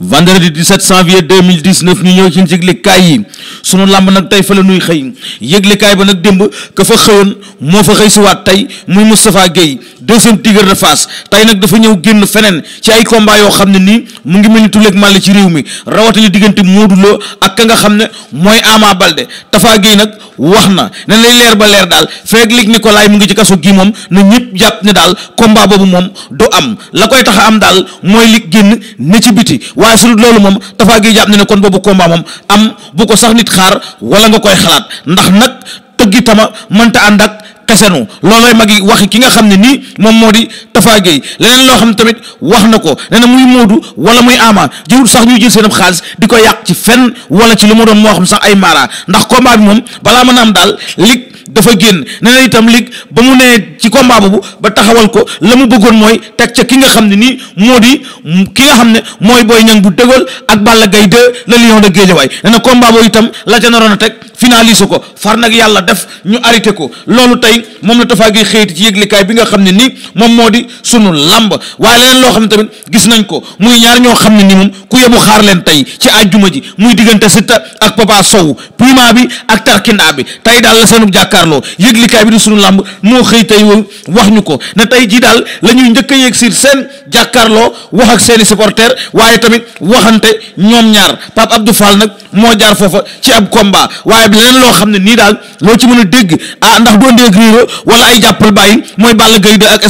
vendredi 17 janvier 2019 ñu ñëw ci yëglekaay yi sunu làmb nag tey fa la nuy xëy yëglekaay ba nag démb ka fa xëyoon moo fa xëy siwaat tey muy Moustapha Gueye deuxième tigre de Fass tey nag dafa ñëw génn feneen ci ay combat yoo xam ne nii mu ngi mel ni tuleeg màll ci réew mi rawatina diggante Modou Lo nga xam ne mooy Ama Balde Tafa Gueye nag wax na ne lay leer ba leer daal feeg lig Nicolas mu ngi ci kaso gi moom na ñëpp jàpp ne daal combat boobu moom du am la koy tax am daal mooy lig génn ne ci biti waaye su dul loolu moom Tapha a jàpp ne ne kon boobu combat moom am bu ko sax nit xaar wala nga koy xalaat ndax nag tëggi tama mënta ànd ak kesenu loolooy mag yi waxi ki nga xam ne nii moom moo di Tapha Gueye leneen loo xam tamit wax na ko nee na muy Modou wala muy Ama jërul sax ñuy jël seen xaalis di ko yàq ci fen wala ci lu mu doon moo xam sax ay mara ndax combat bi moom balaa mën a daal li dafa génn nee itam lig ba mu nee ci combat boobu ba taxawal ko la mu bëggoon mooy teg ca ki nga xam ne nii moo di ki nga xam ne mooy Boy Niang bu dëggal ak Balla Gaye 2 le lion de Guédiawaye nee na combat boobu itam la ca teg finaliser ko far nag yàlla def ñu arrêté ko loolu tey moom la tafaa gi xëyiti ci yëglikaay bi nga xam ne nii moom moo di sunu lamb waaye leneen loo xam ne tamit gis nañ ko muy ñaar ñoo xam ne ni moom ku yemu xaar leen tey ci àjjuma ji muy diggante Siteu ak Papa Sow Puma bi ak Tarkinda bi tey daal la seenu jàkk jàkkaarloo yëglikaay bi di sunu làmb moo xëy tey wax ñu ko ne tey jii daal la njëkk a yéeg si seen jàkkaarloo wax ak seeni supporters waaye tamit waxante ñoom ñaar Pape Abdou Fall nag moo jaar foofa ci ab combat waaye bi leneen loo xam ne nii daal loo ci mën a dégg ah ndax doo ndéeg réero wala ay jàppal bàyyi mooy Balla Gaye de ak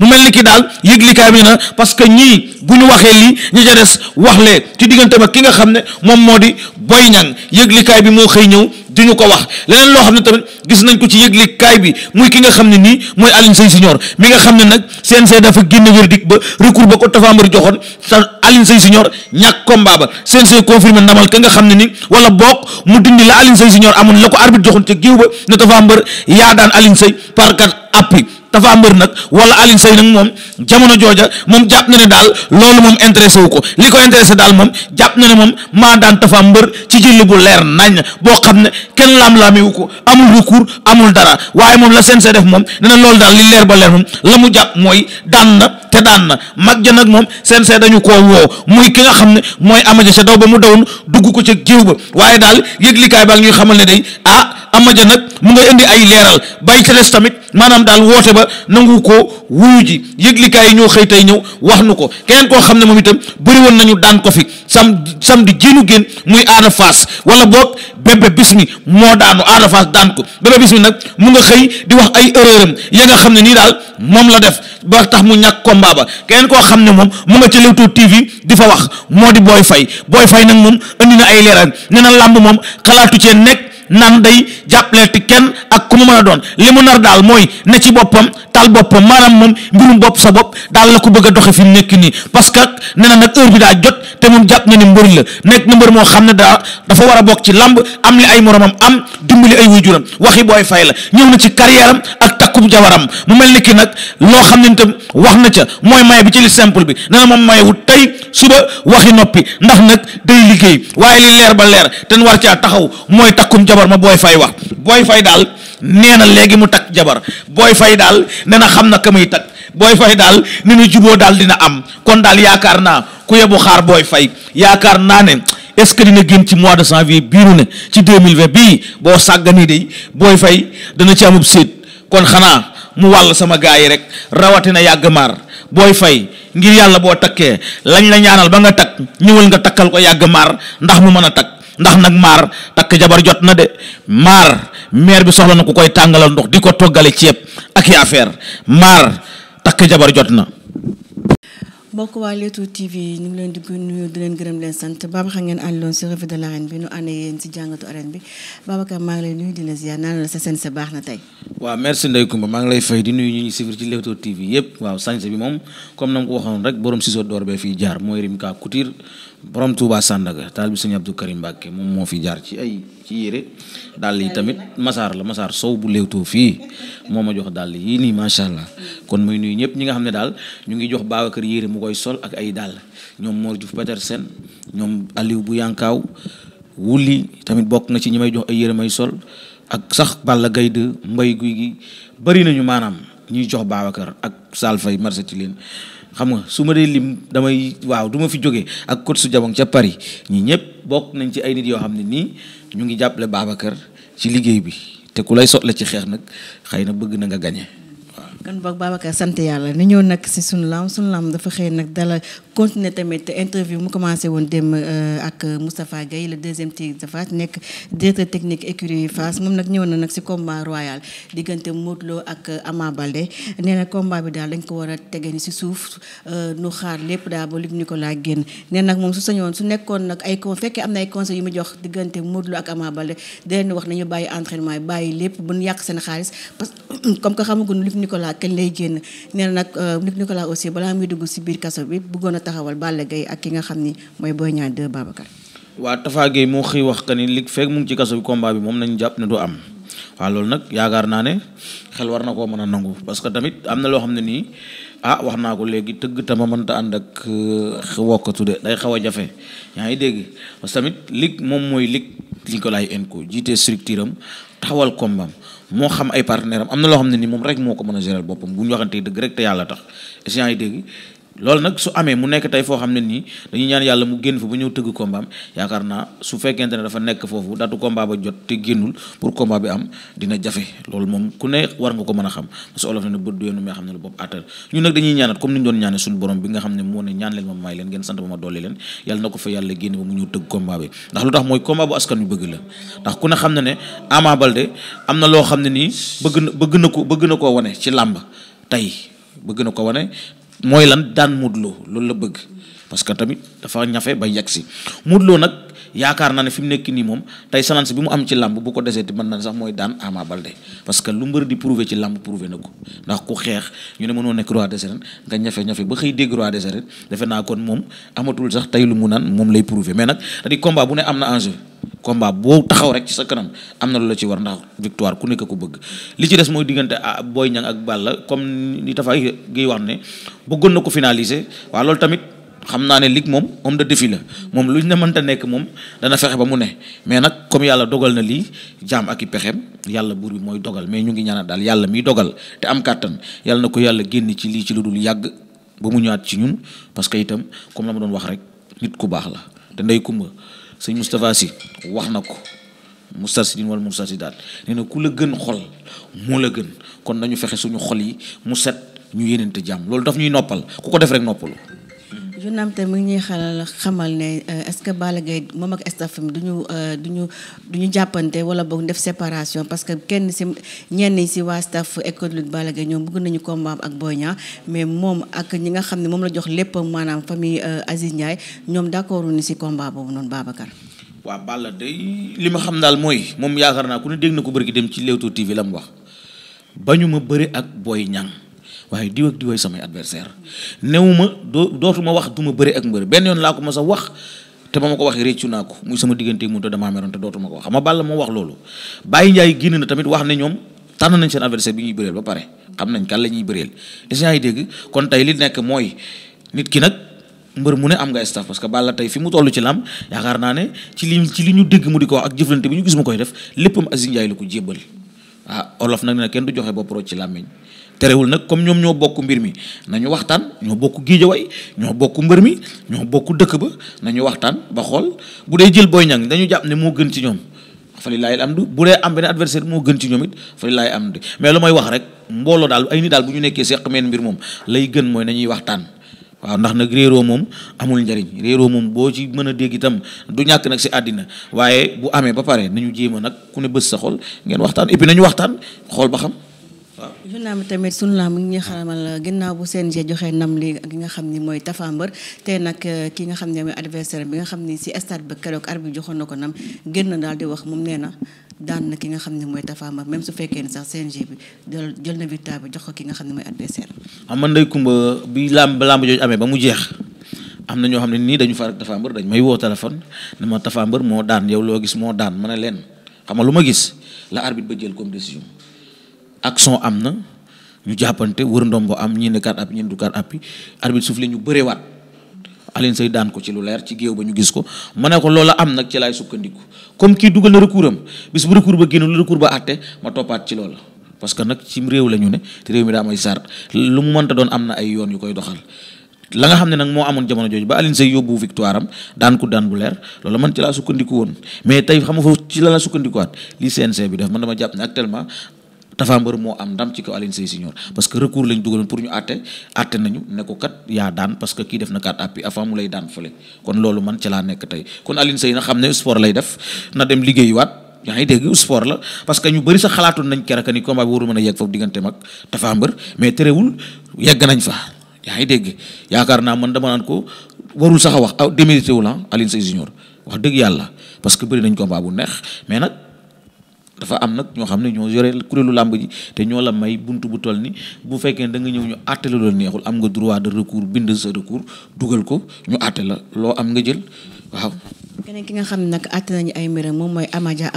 mu mel ni ki daal yëglikaay bi na parce que ñii bu ñu waxee lii ñu ca des wax lee ci diggante ba ki nga xam ne moom moo di Boy Niang yëglikaay bi moo xëy ñëw di ñu ko wax leneen loo xam ne tamit gis nañ ko ci yëgle kaay bi muy ki nga xam ne nii mooy Alioune Sèye Junior mi nga xam ne nag CNG dafa génne verdict ba recours ba ko Tafambar joxoon sa Alioune Sèye Junior ñàkk combat ba CNG confirmé ndamal ka nga xam ne ni wala bokk mu dindi la Alioune Sèye Junior amoon la ko arbitre joxoon te géew ba ne Tafambar yaa daan Alioune Sèye par quatre appui Tapha Mbeur nag wala alin Seye nag moom jamono jooja moom jàpp na ne daal loolu moom intéressé wu ko li ko intéressé daal moom jàpp na ne moom maa daan Tapha Mbeur ci jëlli bu leer nañ boo xam ne kenn laam-laami wu ko amul recours amul dara waaye moom la CNG def moom nee na loolu daal li leer ba leer moom la mu jàpp mooy daan na te daan na mag ja nag moom CNG dañu koo woo muy ki nga xam ne mooy amaja ca daw ba mu dawoon dugg ko ca jiw ba waaye daal yëglikaay baa ngi ñuy xamal ne day ah amaja nag mu nga indi ay leeral bay ca des maanaam daal woote ba nangu ko wuyu ji yëglikaay yi ñoo xëy tey ñëw wax nu ko keneen koo xam ne moom itam bëri woon nañu daan ko fi sam samedi jiinu génn muy aada faas wala boog bébé bismi moo daanu aada faas daan ko bébé bismi nag mu nga xëy di wax ay erreuram ya nga xam ne nii daal moom la def ba tax mu ñàkk combat ba keneen koo xam ne moom mu nga ca Leewtoo TV di fa wax moo di booy fay booy fay nag moom indi na ay leeral nee na làmb moom xalaatu cee nekk naan day jàppaleeti kenn ak ku mu mën a doon li mu nar daal mooy ne ci boppam taal boppam maanaam moom mbirum bopp sa bopp daal la ko bëgg a doxe fi mu nekk nii parce que nee na nag heure bi daa jot te moom jàpp na ni la nekk na mbër moo xam ne daa dafa war a bokk ci lamb am ay moromam am dimbali ay waajuram waxi booy fay la ñëw na ci carrière am ak takkub jabaram mu mel ni ki nag loo xam ne tam wax na ca mooy maye bi ci li bi nee na moom mayewut tey suba waxi noppi ndax nag day liggéey waaye li leer ba leer ten war caa taxaw mooy takkum jabaram jabar ma booy fay wax booy fay daal nee na léegi mu takk jabar booy fay daal nee na xam na ka muy takk booy fay daal ni nu juboo daal dina am kon daal yaakaar naa ku yebu xaar booy fay yaakaar naa ne est-ce que dina génn ci mois de janvier bii nu ne ci 2020 bii boo sàggani de booy fay dana ci amub séet kon xanaa mu wàll sama gars yi rek rawatina yàgg mar booy fay ngir yàlla boo takkee lañ la ñaanal ba nga takk ñëwal nga takkal ko yàgg maar ndax mu mën a takk ndax nag maar takk jabar jot na de maar meer bi soxla na ku koy tàngalal ndox di ko toggale ceeb ak i affaire maar takk jabar jot na mbokk waa Leewtoo TV ñu ngi leen di nuyu di leen gërëm leen sant Babacar ngeen àndoon si revue de l'arène nu si jàngatu arène bi Babacar maa lay nuyu di la ziar naan la sa seen sa baax na tey waaw merci Ndeye Coumba maa ngi lay fay di nuyu ñu ñu suivre ci Leewtoo TV yëpp waaw sañse bi moom comme na ma ko waxoon rek borom siso door bee fii jaar mooy rim kaa couture borom Touba Sandaga taal bi sëñ Abdou Karim Mbacke moom moo fi jaar ci ay ci yére dàll yi tamit masaar la masaar sow bu Leewtoo fii moo ma jox dàll yii nii macha allah kon mooy nuyu ñëpp ñi nga xam ne daal ñu ngi jox baaw kër yére mu koy sol ak ay dàll ñoom Mor Diouf Petersen ñoom Aliou bu Yankaaw wulli tamit bokk na ci ñi may jox ay yére may sol ak sax ball Gaye de mbay guy gi bari nañu maanaam ñuy jox kër ak Salfay Marsetilène xam nga su ma dee lim damay waaw du ma fi jógee ak kot su jabong ca Paris ñi ñëpp bokk nañ ci ay nit yoo xam ne nii ñu ngi jàppale Babacar ci liggéey bi te ku lay sotle ci xeex nag xëy na bëgg na nga gañe kon boog Babacar sant yàlla ni ñëw nag si sunu lam sunu lam dafa xëy nag dala continuer tamit interview mu commencé woon dem euh, ak euh, Moustapha Gueye le deuxième tigre de Fass nekk directeur technique écurie Fass moom nag ñëw na nag ci combat royal diggante Modou ak euh, Ama Baldé nee na bi daal dañ ko war a tege ni ci suuf nu xaar lépp daal ba Luc Nicolas génn nee nag moom su nekkoon nag ay con na ay yu mu jox diggante Modou Lo ak Ama Baldé di leen wax nañu bàyyi entraînement yi bàyyi lépp bu ñu yàq seen xaalis parce que Nicolas aussi balaa muy dugg ci biir kaso bi bëggoon taxawal Balla Gaye ak ki nga xam ni mooy Boy Niang 2 Babacar. waa Tafa moo xëy wax que ni li fekk mu ngi ci kaso bi combat bi moom nañu jàpp ne du am waaw loolu nag yaakaar naa ne xel war na koo mën a nangu parce que tamit am na loo xam ne nii ah wax naa ko léegi tëgg tama mënta ànd ak euh, wokkatu de day xaw a jafe yaa ngi dégg parce que moom mooy lig li ko laay en ko jiite structure am taxawal combat moo xam ay partenaire am am na loo xam ne nii moom rek moo ko mën a gérer boppam bu ñu waxantee dëgg rek te yàlla tax est ce dégg loolu nag su amee mu nekk tey foo xam ne nii dañuy ñaan yàlla mu génn fa ba ñëw tëgg kombaam yaakaar naa su fekkente ne dafa nekk foofu datu komba ba jot te génnul pour komba bi am dina jafe loolu moom ku ne war nga ko mën a xam parce que olof ne ne bët du yoonu mi nga xam ne la bopp attal ñun nag dañuy ñaanat comme ni ñu doon ñaane suñu borom bi nga xam ne moo ne ñaan leen ma may leen ndax lu tax mooy komba bu askan yu bëgg la ndax ku ne xam ne ne Ama Baldé am na loo xam ne nii bëgg na bëgg na ko bëgg na koo wane ci làmb tey bëgg na ko wane mooy lan daan Modou loolu la bëgg parce que tamit dafa ñafe ba yegg si nag yaakaar naa ne fi mu nekk nii moom tey chance bi mu am ci làmb bu ko desee ti mën na sax mooy daan Ama Baldé parce que lu mbër di prouver ci làmb prouver na ko ndax ku xeex ñu ne mënoo nekk roi des nga ñafe-ñafe ba xëy dégg roi des defe naa kon moom amatul sax tey lu mu naan moom lay prouver mais nag cest à bu ne am na enjeu combat boo taxaw rek ci sa kanam am na lu la ci war ndax victoire ku nekk ko bëgg li ci des mooy diggante ah Boy Niang ak Balla comme ni Tafa Gueye wax ne bëggoon na ko finaliser loolu tamit xam naa ne lig moom homme de défi la moom luñ ne mënta nekk moom dana fexe ba mu ne mais nag comme yàlla dogal na lii jaam ak i pexeem yàlla buur bi mooy dogal mais ñu ngi ñaanal daal yàlla muy dogal te am kàttan yàlla na ko yàlla génn ci lii ci lu dul yàgg ba mu ñëwaat ci ñun parce que itam comme la ma doon wax rek nit ku baax la te ndey kumba sëñ Moustapha Sy wax na ko mustarsidin wala daal nee na ku la gën xol moo la gën kon nañu fexe suñu xol yi mu set ñu yénente jàmm loolu daf ñuy noppal ku ko def rek Nampte mu ngi ñuy xalal xamal ne euh, est-ce que Balla Gaye moom ak staff am duñu euh, duñu duñu jàppante wala boog def séparation parce que kenn si ñenn si waa staff école lutte Balla Gaye ñoom bëgg nañu combat ak Boy Niang mais moom ak ñi nga xam ne moom la jox lépp maanaam famille euh, Aziz Ndiaye ñoom d'accordu ni si combat boobu noonu Babacar. waa Balla day li ma xam daal mooy moom yaakaar naa ku ne dégg na ko bëri dem ci Leewtoo TV la mu wax bañu ma bëri ak Boy Niang waaye diw ak diw ay samay adversaire newuma doo ma wax du ma bëre ak mbëre benn yoon laa ko ma sa wax te ba ma ko waxee réccu naa ko muy sama diggante mu te damaa meroon te dootuma ko wax xam nga Balla moo wax loolu Baye Ndiaye génn na tamit wax ne ñoom tànn nañ seen adversaire bi ñuy bëreel ba kan la ñuy bëreel échange yi dégg kon tey li nekk mooy nit ki nag mbër mu ne am nga staff parce que Balla tey fi mu toll ci lam yaakaar naa ne li ci li mu di ko wax ak jëflante bi ñu gis mu koy def léppam Aziz Ndiaye la ko jébbal ah olof nag ne kenn du joxe bopp ci làmmiñ terewul nag comme ñoom ñoo bokk mbir mi nañu waxtaan ñoo bokk géejawaay ñoo bokk mbër mi ñoo bokk dëkk ba nañu waxtaan ba xool bu dee jël booy Niang dañu jàpp ne moo gën ci ñoom fa lillaahil amdu bu dee am benn moo gën ci ñoom it fa lillaahil amdu mais lu may wax rek mbooloo daal ay nit daal bu ñu nekkee seq meen mbir moom lay gën mooy nañuy waxtaan waaw ndax nag réeroo moom amul njariñ réeroo moom boo ci mën a dégg itam du ñàkk nag si àddina waaye bu amee ba pare nañu jéem a nag ku ne bës sa xol ngeen waxtaan et nañu waxtaan xool ba xam journal bi tamit sunu lamb ngi xamal ginnaaw bu CNG joxe ndam li ak nga xam ni mooy Tapha Mbeur te nag eh, ki nga xam ne mooy adversaire bi nga xam ni si stade ba keroog joxoon na ko ndam génn daal di wax moom nee na daan na ki nga xam ne mooy Tapha Mbeur même su fekkee ne sax CNG bi jël na victoire bi jox ko ki nga xam ne mooy adversaire am man day kumba bi lamb lamb jooju amee ba mu jeex am na ñoo xam ne nii dañu far ak Tapha dañ may woo téléphone ne ma Tapha Mbeur moo daan yow loo gis moo daan ma a leen xam nga lu ma gis la arbitre ba jël comme décision action am na ñu jàppante wër ndombo am ñii ne kat app ñii du kat app arbitre suuf la ñu bërewaat Alioune Seye daan ko ci lu leer ci géew ba ñu gis ko ma ne ko loola am nag ci sukkandiku comme kii dugal na recours am bis bu recours ba génn lu recours ba àtte ma la ñu ne te réew mi daa am lu mu mënta doon am na ay yoon yu koy doxal la nga xam ne nag moo amoon jamono jooju ba Alioune Seye yóbbu victoire am daan laa sukkandiku woon mais tey xam nga ci la la sukkandikuwaat li CNG bi def man dama jàpp ne actuellement Tapha Mbeur moo am ndam ci kaw Alioune Sèye Junior parce que recours lañ dugaloon pour ñu àtte àtte nañu ne yaa daan parce que kii def na kat appi avant mu lay daan fële kon loolu man ci laa nekk tey kon Alioune na xam ne sport lay def na dem liggéeyuwaat yaa ngi dégg sport la parce que ñu bëri sax xalaatoon nañ keraka ni combat bi waru mën a yegg foofu diggante mag Tapha Mbeur mais terewul yegg nañ fa yaa ngi dégg yaakaar naa man dama naan ko warul sax a wax ah démérité wul ah, Alioune Sèye Junior wax dëgg yàlla parce que bëri nañ combat bu neex dafa am nag ñoo xam ne ñoo yore kuréelu làmb ji te ñoo la may bunt bu toll ni bu fekkee da nga ñëw ñu àtte la neexul am nga droit de recours bind sa recours dugal ko ñu àtte la loo am nga jël waaw keneen ki nga xam ne nag àtte nañu ay mbiram moom mooy Amadia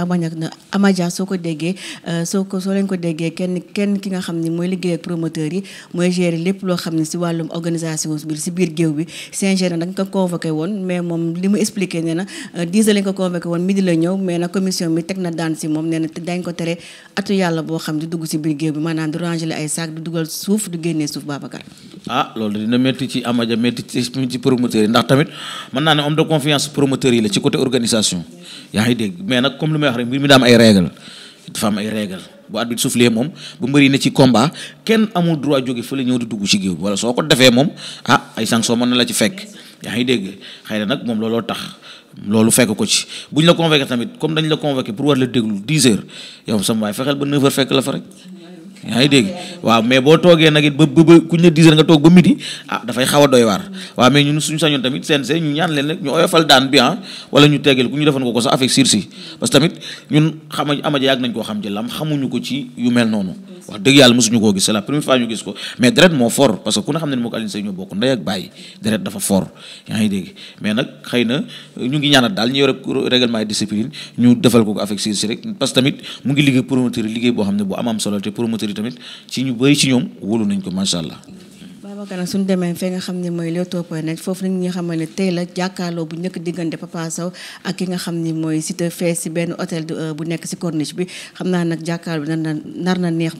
Amadia soo ko déggee euh, soo ko soo leen ko déggee kenn kenn ki nga xam ni mooy liggéey ak promoteur yi mooy gérer lépp loo xam ne si wàllum organisation bi si biir géew bi Saint-Germain nag ko convoqué woon mais moom li mu expliqué nee na 10 heures lañ ko convoqué woon midi la ñëw mais bi teg na daan si moom nee na dañ ko tere atu yàlla boo xam ne du dugg si biir géew bi maanaam du ranger ay sac du dugal suuf du génnee suuf Babacar ah loolu dina métti ci Amadia métti ci promoteur yi ndax tamit mën naa ne homme de confiance promoteur yi la ci côté organisation yaa ngi dégg mais nag comme lu may wax rek mbir mi daa am ay règle dafa am ay règle bu arbitre soufflé moom bu mbëri ne ci combat kenn amul droit jóge fële ñëw di dugg ci géew wala soo ko defee moom ah ay sanction man na la ci fekk yaa ngi dégg xëy na nag moom looloo tax loolu fekk ko ci bu ñu la convoqué tamit comme dañ la convoqué pour war la déglu 10 heures yow sama waay fexeel ba 9 fekk la fa rek. yaa ngi dégg waaw mais boo toogee nag it ba ba kuñ ne 10 heures nga toog ba midi ah dafay xaw a doy waar waaw mais ñun suñu sañoon tamit seen ñu ñaan leen rek ñu oyofal daan bi ah wala ñu tegal ku ñu defoon ko ko sax avec sursis parce que tamit ñun xama amaja yàgg nañ koo xam ci lam xamuñu ko ci yu mel noonu wax dëgg yàlla mosuñu koo gis c'est la première fois ñu gis ko mais deret moo fort parce que ku ne xam ne ne moo ko Alioune Seye ñoo bokk ndey ak bàyyi deret dafa fort yaa ngi dégg mais nag xëy na ñu ngi ñaanal daal ñu yore règlement et discipline ñu defal ko ko avec sursis rek parce que tamit mu ngi liggéey promoteur liggéey boo xam ne bu am am solo te promoteur acteurs yi tamit ci ñu bëri ci ñoom wóolu nañ ko macha allah. Babacar nag suñu demee fee nga xam ne mooy Leewtoo point net foofu nag ñi nga xamal ne tey la jàkkaarloo bu njëkk diggante Papa Sow ak ki nga xam ne mooy Siteu fee euh, bu nekk si corniche bi xam naa nag jàkkaarloo bi nar na neex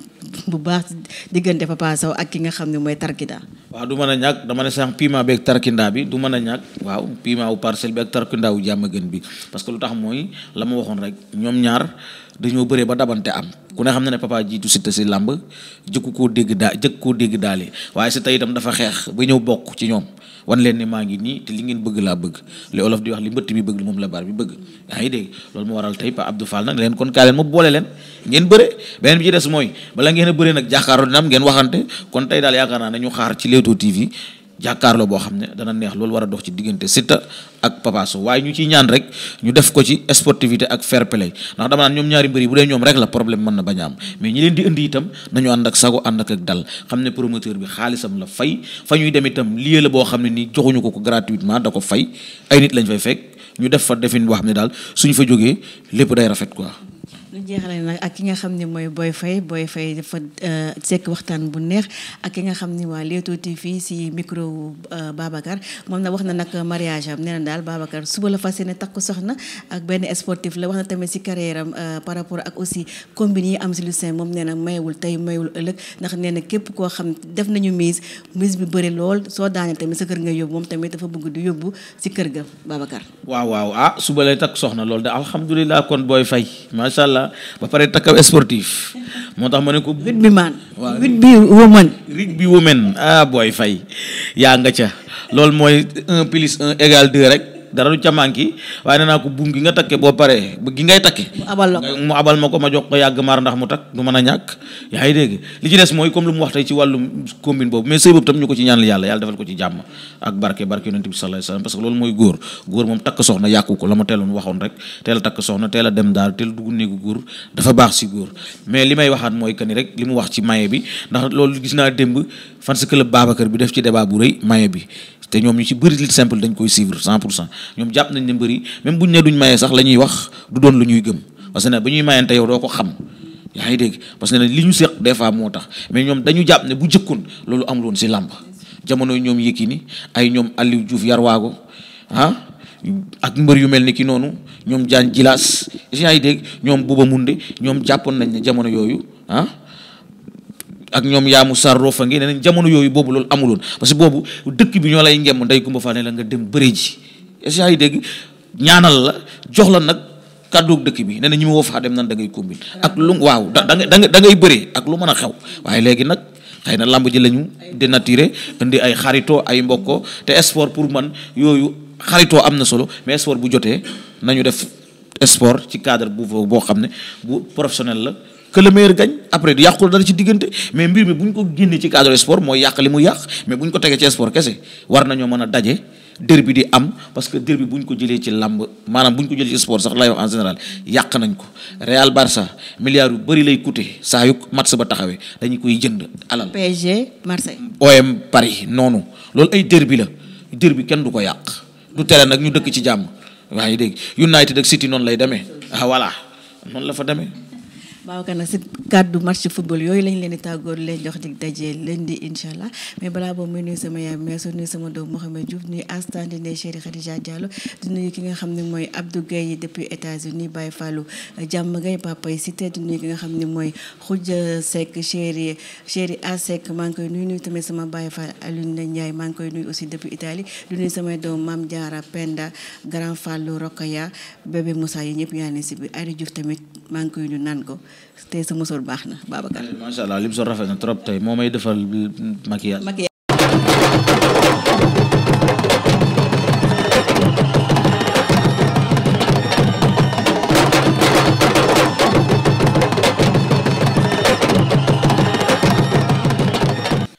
bu baax diggante Papa Sow ak ki nga xam ne mooy Tarkinda. waaw du man a ñàkk dama ne sànq piment bi ak Tarkinda bi du man a ñàkk waaw piment wu parcelle bi ak Tarkinda wu jàmm gën bi parce que lu tax mooy la ma waxoon rek ñoom ñaar. dañoo bëree ba dabante am ku ne xam ne ne papa jiitu Siteu si làmb jëkku koo dégg daa jëkk koo dégg daale waaye Siteu itam dafa xeex ba ñëw bokk ci ñoom wan leen ni maa ngi nii te li ngeen bëgg laa bëgg li olof di wax li mbëtt mi bëgg li moom la baar bi bëgg yaa ngi dégg loolu moo waral tey Pa Abdou Fall nag leen kon kaa leen ma boole leen ngeen bëre beneen bi ci des mooy bala ngeen a bëre nag jàkkaaroo dina am ngeen waxante kon tey daal yaakaar naa ne ñu xaar ci Leewtoo TV jàkkaarloo boo xam ne dana neex loolu war a dox ci diggante Siteu ak Papa waaye ñu ciy ñaan rek ñu def ko ci sportivité ak fair play ndax dama naan ñoom ñaari mbër yi bu dee ñoom rek la problème mën na bañ am mais ñi leen di indi itam nañu ànd ak sago ànd ak ak dal xam ne promoteur bi xaalisam la fay fa ñuy dem itam lieu la boo xam ne nii joxuñu ko ko gratuitement da ko fay ay nit lañ fay fekk ñu def fa defin boo xam ne daal suñ fa jógee lépp day rafet quoi ñu jeexale na ak ki nga xam ne mooy booy Faye booy Faye dafa euh, sekk waxtaan bu neex ak ki nga xam ni waa Leewtoo fii si micro euh, Babacar moom na wax na nag mariage am nee na daal Babacar suba la fas yéene takku soxna ak benn sportif la wax na tamit si carrière am euh, par rapport ak aussi combine yi am si Lucien moom nee na mayewul tey mayewul ëllëg ndax nee na képp koo xam def nañu mise mise bi bëri lool soo daane tamit sa kër nga yóbbu moom tamit dafa bëgg di yóbbu si kër ga Babacar. waaw waaw ah suba lay takk soxna loolu de alhamdulilah kon Boy Faye macha allah a ba pare takkaw sportif moo tax ma ne ko. wit bi man waaw wit bi woman. rig ah, fay yaa nga ca loolu mooy un plus un égal deux rek. dara du ca manqué waaye nee naa ko buum gi nga takke boo paree gi ngay takke mu abal ma ko ma jox ko yàgg maar ndax mu takk du mën a ñàkk yaa ngi dégg li ci des mooy comme lu mu wax tey ci wàllum combine boobu mais sëy boobu ko yàlla yàlla defal ko ci jàmm ak barke barke yonent bi mooy góor góor moom takk soxna yàqu ko la ma teeloon waxoon rek teel a takk soxna teel a dem daal teel dugg néegu góor dafa baax si góor mais li may waxaat mooy que ni rek li mu wax ci maye bi ndax loolu gis naa démb fan si club Babacar bi def ci débat bu rëy maye bi te ñoom ñu ci bëri lutte simple dañ koy suivre cent pour cent ñoom jàpp nañ ne mbëri même buñ ne duñ mayee sax la ñuy wax du doon lu ñuy gëm parce que ne ba ñuy mayante yow ko xam yaa ngi dégg parce que ne li ñu seq des fois moo tax mais ñoom dañu jàpp ne bu jëkkoon loolu am woon si làmp jamono ñoom Yékini ay ñoom Aliou Diouf Yarwaago ah ak mbër yu mel ni ki noonu ñoom jaan jilaas yaa ngi dégg ñoom Bouba Moundé ñoom jàppoon nañ ne jamono yooyu ah ak ñoom yaamu sarrofa ngi ne nañ jamono yooyu boobu loolu amuloon parce que boobu dëkk bi ñoo lay ngemm ndey Kumba Fane la nga dem bëre ji est yi dégg ñaanal la jox la nag kàddu dëkk bi ne na ñi ma woo dem nan da ngay combine ak lu waaw da danga da nga ak lu mën a xew waaye léegi nag xëy na làmb ji la ñu dénaturé indi ay xaritoo ay mbokko te sport pour man yooyu xaritoo am na solo mais sport bu jotee nañu def sport ci cadre bu boo xam ne bu professionnel la que le meilleur gagne après yàqul dara ci diggante mais mbir mi bu ñu ko génnee ci cadre sport mooy yàq li mu yàq mais bu ñu ko tegee ci sport kese war nañoo mën a daje derby di am parce que derby bu ñu ko jëlee ci làmb maanaam bu ñu ko jëlee ci sport sax lay wax en général yàq nañ ko Real Barça milliards yu bëri lay coûter saa yu match ba taxawee dañu koy jënd alal. PSG Marseille. OM Paris noonu loolu ay derby la derby kenn du ko yàq du tere nag ñu dëkk ci jàmm waaye dégg United ak City noonu lay demee ah noonu la fa demee. waaw kan nag si kàddu match football yooyu lañ leen di tàggoor leen jox dig daje leen di incha mais balaa boobu muy nuyu sama yaay mais soo nuyu sama doom Mouhamed Diouf nuyu Astane di nuyu Chéri Khadija di nuyu ki nga xam ne mooy Abdou Gueye depuis États-Unis Baye Fallou jàmm Gueye papa yi cité di nuyu ki nga xam ne mooy Khoudia Seck Chéri Chéri Asek maa ngi koy nuyu nuyu tamit sama Baye Fall Alioune Ndiaye maa ngi koy nuyu aussi depuis Italie di nuyu samay doom maam Diarra Penda Grand Fallou Rokaya bébé Moussa yi ñëpp yaa ne si bi Ari Diouf tamit maa ngi koy nuyu naan ko te sa musoor baax na Babacar. macha allah li mu sol rafet na trop tey moo may defal maquillage.